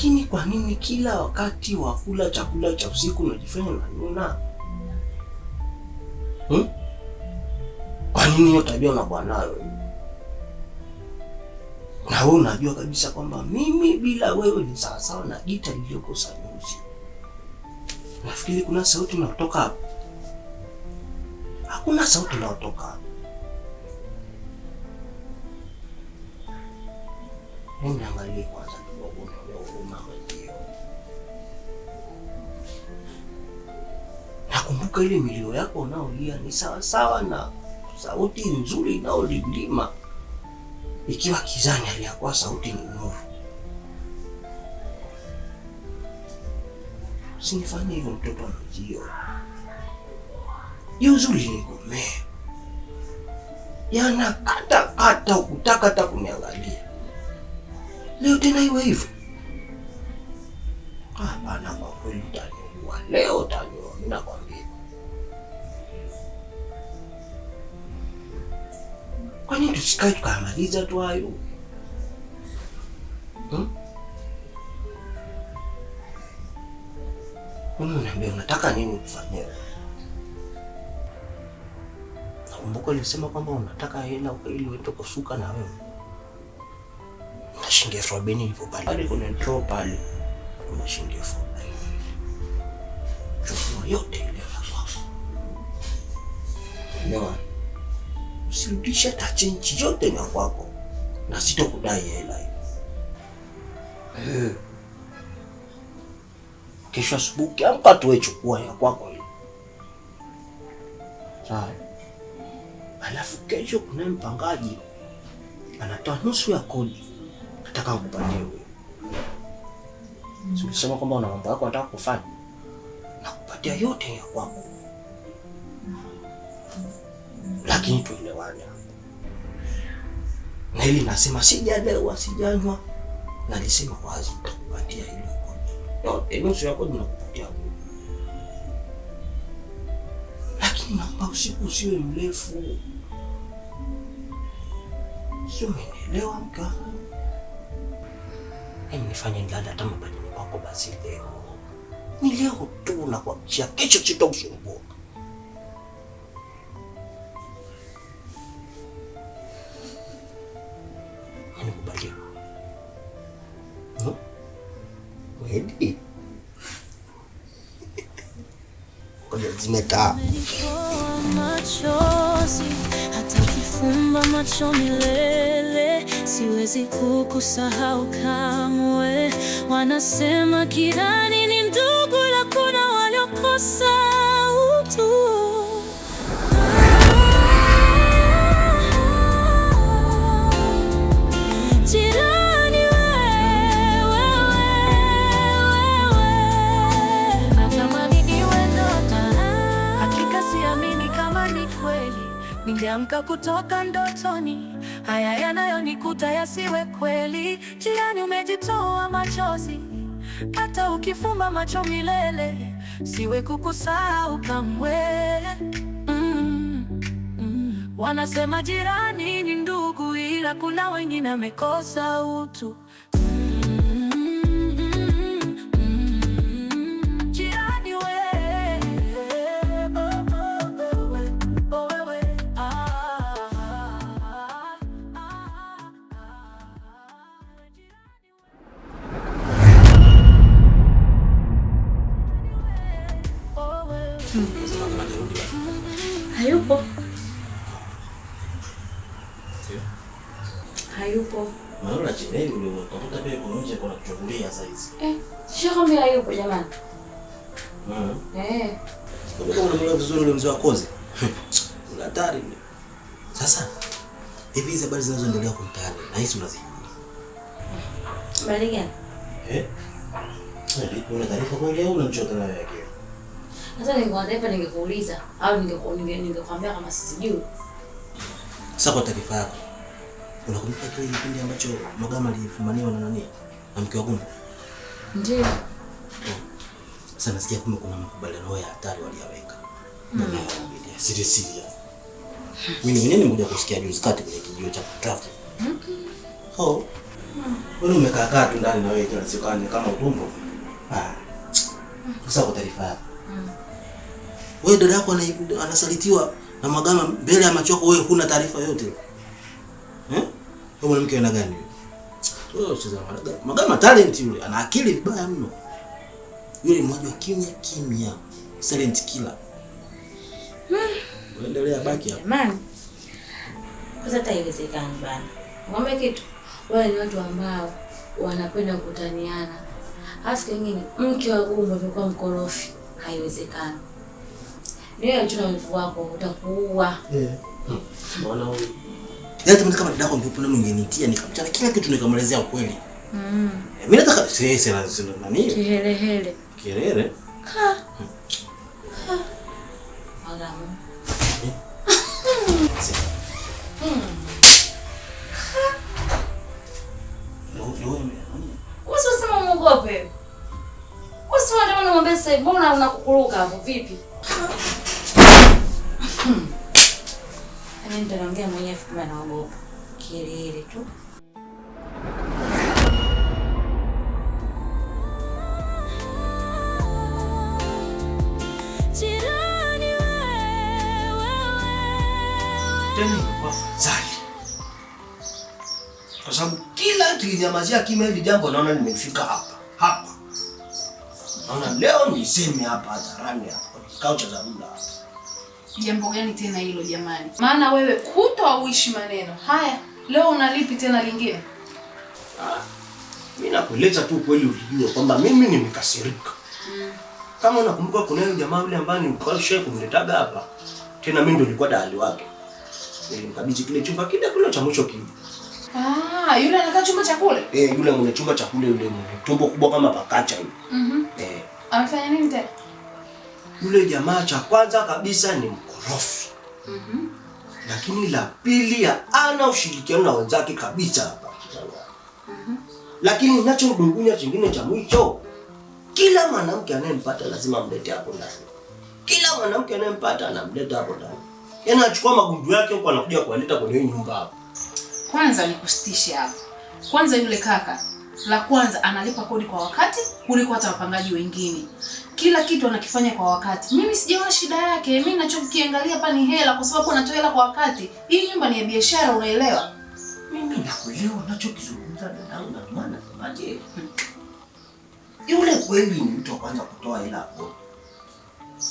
Lakini kwa nini kila wakati wa kula chakula cha usiku unajifanya unanuna? Hmm? Kwa nini hiyo tabia unakuwa nayo? Na wewe unajua kabisa kwamba mimi bila wewe ni sawasawa na gita lililokosa nyuzi. Nafikiri kuna sauti inayotoka hapo. Hakuna sauti inayotoka hapo. Niangalie kwanza. kumbuka ile milio yako unaolia ni sawasawa na sauti nzuri inaolilima ikiwa kizani, aliyakuwa sauti ni nuru. Usinifanye hivyo mtoto amejio hiyo uzuri nikomee, yana kata kata ukutaka hata kuniangalia leo tena iwe hivyo? Hapana, kwa kweli utaniua leo, utaniua mina kwa Kwa nini tusikae tukamaliza tu hayo hmm? Unaniambia unataka nini kufanya? Nakumbuka ulisema kwamba unataka hela ili uende kusuka na wewe na shilingi elfu arobaini ilipo pale, kuna draw pale, kuna shilingi elfu arobaini yote ile usirudishe hata chenji yote na kwako, na sitokudai hela hiyo. Eh. Kesho asubuhi ukiamka tuwe chukua ya kwako hiyo, sawa? Alafu kesho kuna mpangaji anatoa nusu ya kodi, nataka kukupatia wewe. Sikusema kwamba una mambo yako nataka kufanya, nakupatia yote ya kwako lakini tuelewane hapo. Na hili nasema sijalewa, sijanywa, nalisema wazi, nitakupatia hilo kodi. Nusu ya kodi nakupatia wewe, lakini naomba usiku usiwe mrefu, sio? Umenielewa mka? wangu? Hebu nifanye ndada hata mapajini kwako basi leo. Ni leo tu na kuamshia, kesho sitakusumbua. kufumba macho milele, siwezi kukusahau kamwe. Wanasema kirani ni ndugu, la kuna waliokosa utu Ningeamka kutoka ndotoni, haya yanayonikuta yasiwe kweli. Jirani, umejitoa machozi, hata ukifumba macho milele, siwe kukusahau kamwe. mm, mm. Wanasema jirani ni ndugu, ila kuna wengine amekosa utu. Tulia sasa hizi. Eh, shaka mbila yupo jamani. Mm. Eh. Kama unamwona vizuri yule mzee wa kozi. Una hatari. Sasa hivi hizi habari zinazoendelea kwa mtaani na hizi unazijua. Habari gani? Eh? Una taarifa kweli au unamchota nayo yake? Sasa ningekuwa taarifa ningekuuliza au ningekuambia ninge kama sisijui. Sasa kwa taarifa yako. Unakumbuka kile kipindi ambacho Mogama alifumaniwa na nani? na mke wangu? Ndiyo. Oh. Sasa nasikia kama kuna makubaliano ya hatari waliyaweka. Hmm. Siri siri. Mimi ni mwenyewe nimekuja kusikia juzi kati kwenye kijio cha draft. traffic. Oh. Wewe umekaa kaa tu ndani na wewe kila siku kama utumbo. Ah. Sasa kwa taarifa yako. Mm. Wewe dada yako anasalitiwa na magama mbele ya macho yako, wewe huna taarifa yote. Eh? Hmm? Wewe mwanamke una gani? Mm. Wewe Magama talent yule ana akili mbaya mno. Yule mmoja wa kimya kimya. Silent killer. Hmm. Endelea baki hapo. Jamani. Kwanza hata haiwezekani bana. Ngombe kitu. Wale ni watu ambao wanapenda kutaniana Hasa nyingine mke wa gumu amekuwa mkorofi. Haiwezekani. Niwe tu na mvu wako utakuua. Eh. Yeah. Mbona huyu Yaani kama dadako ndio ungenitia nikamchana kila kitu nikamwelezea ukweli. Mm. Mimi nataka sisi sisi na nini? Kihelehele. Ha. mbona unakukuruka hapo vipi? Mimi ndo naongea mwenyewe, naogopa tu. Kwa sababu kila tulinyamazia kimya hili jambo, naona nimefika hapa hapa, naona leo niseme hapa hadharani, hapa kikao cha dharura hapa Jambo gani tena hilo jamani? Maana wewe kutoauishi maneno haya, leo unalipi tena lingine? Ah, mimi nakueleza tu kweli, ulijua kwamba mimi nimekasirika. Mm. Kama unakumbuka kuna yule jamaa yule ambaye nilikuwa shehe kumletaga hapa, tena mimi ndo nilikuwa dalali wake, nilimkabidhi kile chumba kile kile cha mwisho kile. Ah, yule anakaa chumba cha kule? Eh, yule mwenye chumba cha kule, yule mwenye tumbo kubwa kama pakacha yule. Mhm. Mm eh. Anafanya nini tena? yule jamaa, cha kwanza kabisa ni mkorofi mm -hmm. lakini la pili ya ana ushirikiano na wenzake kabisa mm -hmm. lakini nachodungunya chingine cha mwisho kila mwanamke anayempata lazima amlete hapo ndani. Kila mwanamke anayempata anamleta hapo ndani, yaani anachukua magundu yake huko anakuja kualeta kwenye nyumba hapo. Kwanza nikusitishe hapo kwanza, yule kaka la kwanza analipa kodi kwa wakati kuliko hata wapangaji wengine, kila kitu anakifanya kwa wakati. Mimi sijaona shida yake. Mimi ninachokiangalia hapa ni hela, kwa sababu anatoa hela kwa wakati. Hii nyumba ni ya biashara, unaelewa? Mimi nakuelewa unachokizungumza dadangu, na maana samaje yule kweli ni mtu wa kwanza kutoa hela hapo,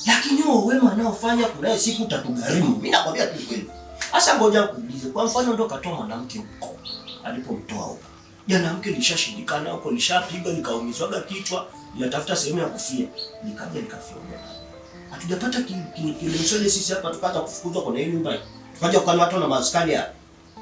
lakini huo wema anaofanya kunaye siku utatugharimu. Mimi nakwambia tu kweli. Sasa ngoja kuulize, kwa mfano ndo katoa mwanamke huko alipomtoa huko Mke lishashindikana huko, lishapigwa nikaumizwaga kichwa, ninatafuta sehemu ya kufia, nikaja nikafia. Hatujapata kilemswele sisi hapa, tupata kufukuzwa kwenye hii nyumba, tukaja kwa watu na maskani ya.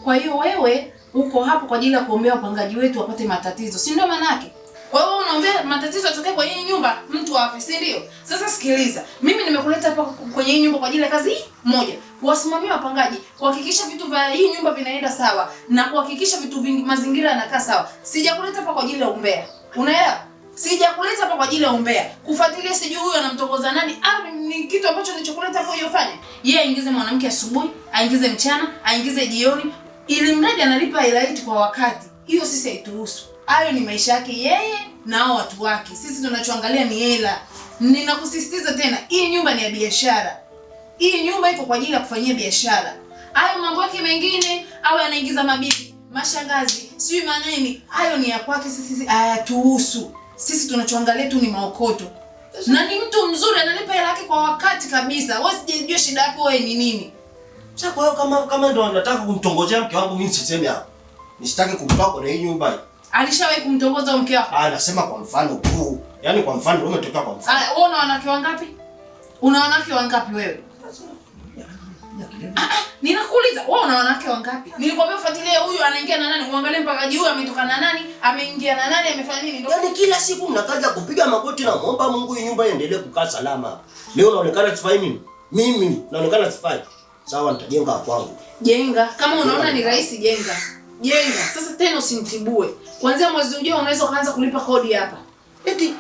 Kwa hiyo wewe uko hapo kwa ajili ya kuombea wapangaji wetu wapate matatizo, si ndio? Manake kwa hiyo unaombea matatizo yatokee kwenye hii nyumba, mtu afe, si ndio? Sasa sikiliza, mimi nimekuleta hapa kwenye hii nyumba kwa ajili ya kazi moja kuwasimamia wapangaji, kuhakikisha vitu vya hii nyumba vinaenda sawa na kuhakikisha vitu vingi, mazingira yanakaa sawa. Sijakuleta hapa kwa ajili ya umbea, unaelewa? Sijakuleta hapa kwa ajili ya umbea, kufuatilia sijui huyu anamtongoza nani, au ah, ni kitu ambacho nilichokuleta hapo Hiyo fanye Yeye aingize mwanamke asubuhi, aingize mchana, aingize jioni, ili mradi analipa hela hii kwa wakati. Hiyo sisi haituhusu. Hayo ni maisha yake yeye na watu wake. Sisi tunachoangalia ni hela. Ninakusisitiza tena, hii nyumba ni ya biashara. Hii nyumba iko kwa ajili ya kufanyia biashara. Hayo mambo yake mengine au anaingiza mabibi, mashangazi, sijui manini, hayo ni ya kwake, sisi hayatuhusu. Sisi tunachoangalia tu ni maokoto. Na ni mtu mzuri, analipa hela yake kwa wakati kabisa. Wewe sijajua shida yako wewe ni nini. Sasa kwa hiyo kama kama ndo anataka kumtongozea mke wangu mimi sisemi hapo. Nisitaki kumtoa kwa hii nyumba. Alishawahi kumtongoza mke wako? Ah, nasema kwa mfano tu. Yaani kwa mfano wewe umetoka kwa mfano. Ah, wewe una wanawake wangapi? Una wanawake wangapi wewe? Ninakuuliza wewe una wanawake wangapi? Nilikwambia ufuatilie huyu anaingia na nani, uangalie mpaka juu ametoka na nani, ameingia na nani, amefanya nini? Ndio. Yaani kila siku mnakaza kupiga magoti na muomba Mungu hii nyumba iendelee kukaa salama. Leo unaonekana sifai mimi. Mimi naonekana sifai. Sawa nitajenga kwangu. Jenga. Kama unaona ni rahisi jenga. Jenga. Sasa tena usinitibue. Kuanzia mwezi ujao unaweza kuanza kulipa kodi hapa. Eti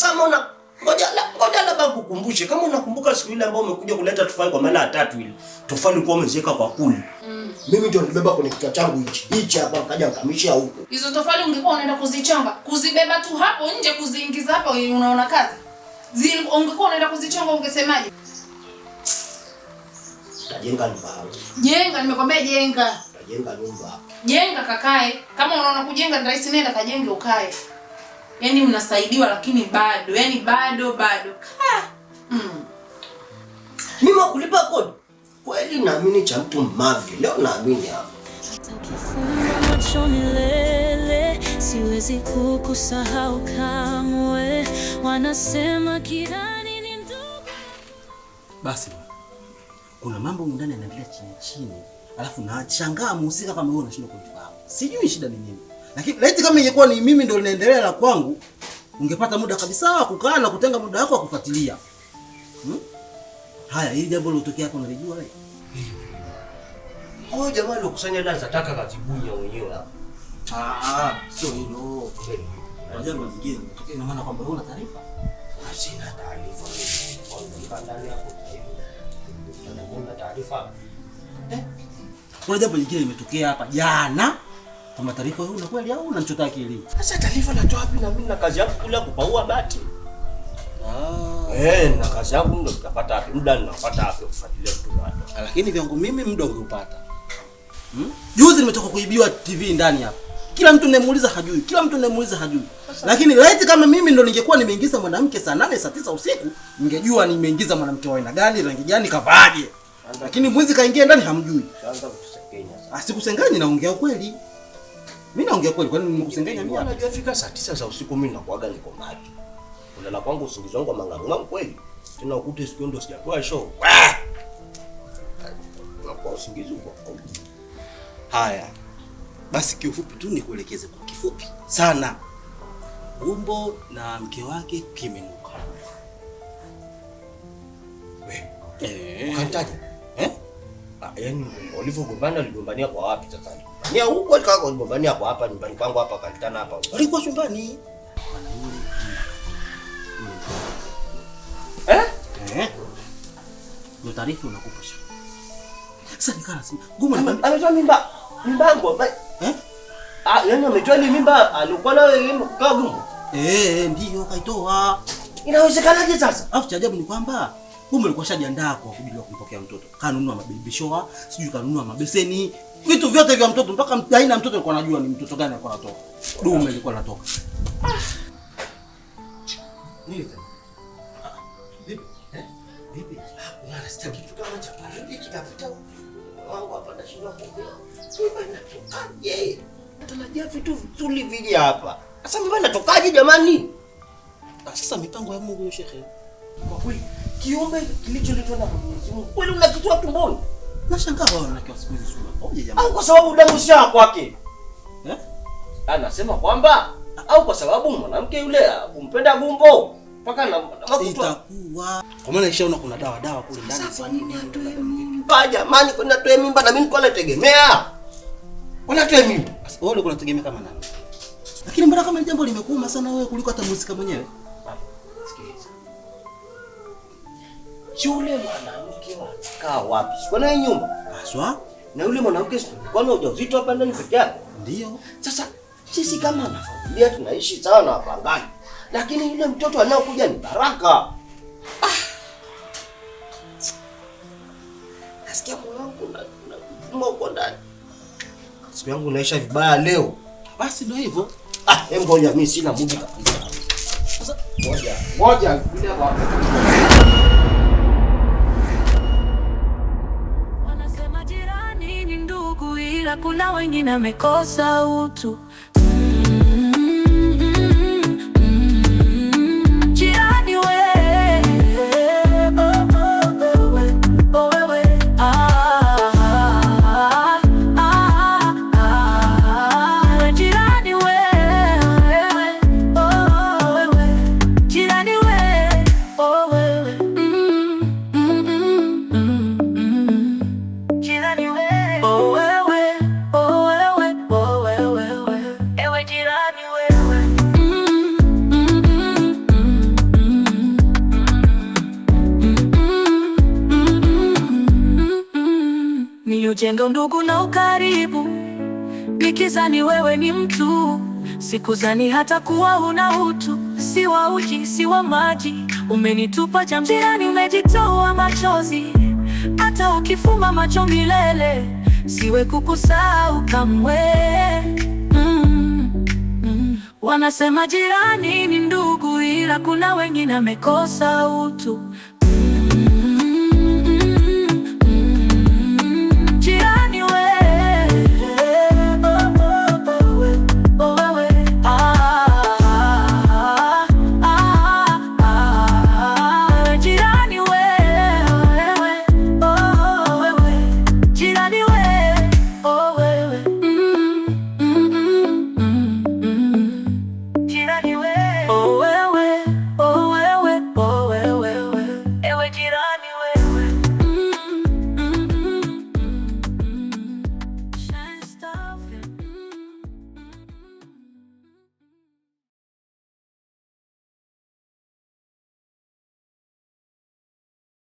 kama una Ngoja la ngoja la kukumbushe kama unakumbuka siku ile ambayo umekuja kuleta tofali kwa mara ya tatu ile. Tofali ulikuwa umeziweka kwa kuli. Mm. Mimi ndio nilibeba kwenye kichwa changu hichi. Hichi hapa kaja nikamishia huko. Hizo tofali ungekuwa unaenda kuzichamba, kuzibeba tu hapo nje kuziingiza hapo unaona kazi. Zile ungekuwa unaenda kuzichamba ungesemaje? Tajenga nyumba. Jenga nimekwambia jenga. Tajenga nyumba. Jenga kakae. Kama unaona kujenga ni rahisi nenda kajenge ukae yani mnasaidiwa lakini bado yani bado bado mm. Mimi kulipa kodi kweli, naamini cha mtu mavi leo, naamini hapo milele, siwezi kukusahau kamwe, wanasema kirani ni ndugu. Basi kuna mambo ndani yanaendelea chini chini, alafu nashangaa mhusika kama wewe unashindwa kuifahamu sijui shida ni nini. Lakini laiti kama ingekuwa ni mimi ndio ninaendelea na kwangu, ungepata muda kabisa wa kukaa na kutenga muda wako wa kufuatilia. Hmm? Haya, hili jambo lilotokea hapo unalijua wewe? Huyo jamaa alikusanya dada zataka katibunya mwenyewe hapo. Ah, sio hilo. Unajua mwingine, ina maana kwamba huna taarifa? Sina taarifa. Kwa hapo. Eh? Kuna jambo lingine limetokea hapa jana. Kama taarifa huna kweli au unanichota akili? Sasa taarifa natoa wapi na mimi na kazi yangu kule kupaua bati? Ah. Eh, na kazi yangu ndio nitapata wapi? Muda ninapata wapi kufuatilia mtu watu? Ah, lakini vyangu mimi muda unapata. Hmm? Juzi nimetoka kuibiwa TV ndani hapa. Kila mtu ninayemuuliza hajui, kila mtu ninayemuuliza hajui. Lakini laiti kama mimi ndo ningekuwa nimeingiza mwanamke saa nane saa tisa usiku, ningejua nimeingiza mwanamke wa aina gani, rangi gani, kavaaje. Lakini mwizi kaingia ndani hamjui. Sasa kutusengenya. Ah, Asikusenganye, naongea ukweli. Mimi naongea kweli, kwani nimekusengenya mimi? Unajua fika saa tisa za usiku mimi nakuaga niko maji. Unalala kwangu usingizi wangu mangangu wangu kweli. Tena ukute siku ndio sijapewa show. Na kwa usingizi uko. Haya. Basi kiufupi tu nikuelekeze kwa kifupi sana. Gumbo na mke wake kimenuka. We. Eh. Ukanitaja? Eh? Ah, yani walivyogombana waligombania kwa wapi sasa? Ni huko alikaa kwa nyumbani hapo hapa nyumbani kwangu hapa kalitana hapa. Alikuwa nyumbani. Eh? Eh. taarifa unakupa sasa. Sasa kana sema, gumu ametoa mimba Mimba yangu mimbango. Eh? Ah, yani ametoa ile mimba alikuwa nayo yeye kukaa gumu. Eh, ndio kaitoa. Inawezekanaje sasa? Afu cha ajabu ni kwamba Gumu alikuwa shajiandaa kwa kujua kumpokea mtoto. Kanunua mabibishoa, sijui kanunua mabeseni, vitu vyote vya mtoto mpaka aina ya mtoto alikuwa anajua ni mtoto gani alikuwa anatoka. Dume ah. alikuwa anatoka. Ah. Ah, eh? Tunajua vitu vizuri vile hapa. Sasa mbona natokaje jamani? Sasa mipango ya Mungu Sheikh. Kwa kweli kiumbe kilicholetwa na Mwenyezi Mungu kweli unakitoa tumboni. Nashangaa wao wanakiwa siku hizi sura. Au kwa sababu damu kwake. Eh? Anasema ah, kwamba au kwa sababu mwanamke yule kumpenda ah, gumbo mpaka na Kwa maana ishaona kuna dawa dawa kule ndani. Sasa ah, jamani? mimba na mimi nategemea. mimba. wewe unategemea kama nani? Lakini mbona kama jambo limekuuma sana wewe kuliko hata mwenyewe? Yule mwanamke anakaa wapi? Kwa nini nyumba? Haswa? Na yule mwanamke kwa nini ujauzito hapa ndani peke yake? Ndio. Sasa sisi kama na familia tunaishi sawa na wapangani, Lakini yule mtoto anaokuja ni baraka. Ah. Nasikia moyo wangu na na uko ndani. Siku yangu inaisha vibaya leo. Basi ndio hivyo. Ah, ngoja mimi sina muda kabisa. Sasa ngoja, ngoja kuja bila kuna wengine amekosa utu. karibu, nikizani wewe ni mtu, sikuzani hata kuwa una utu. Si wa uji, si wa maji, umenitupa cha umejitoa machozi, hata ukifuma macho milele, siwe kukusahau kamwe. Mm, mm. Wanasema jirani ni ndugu, ila kuna wengine amekosa utu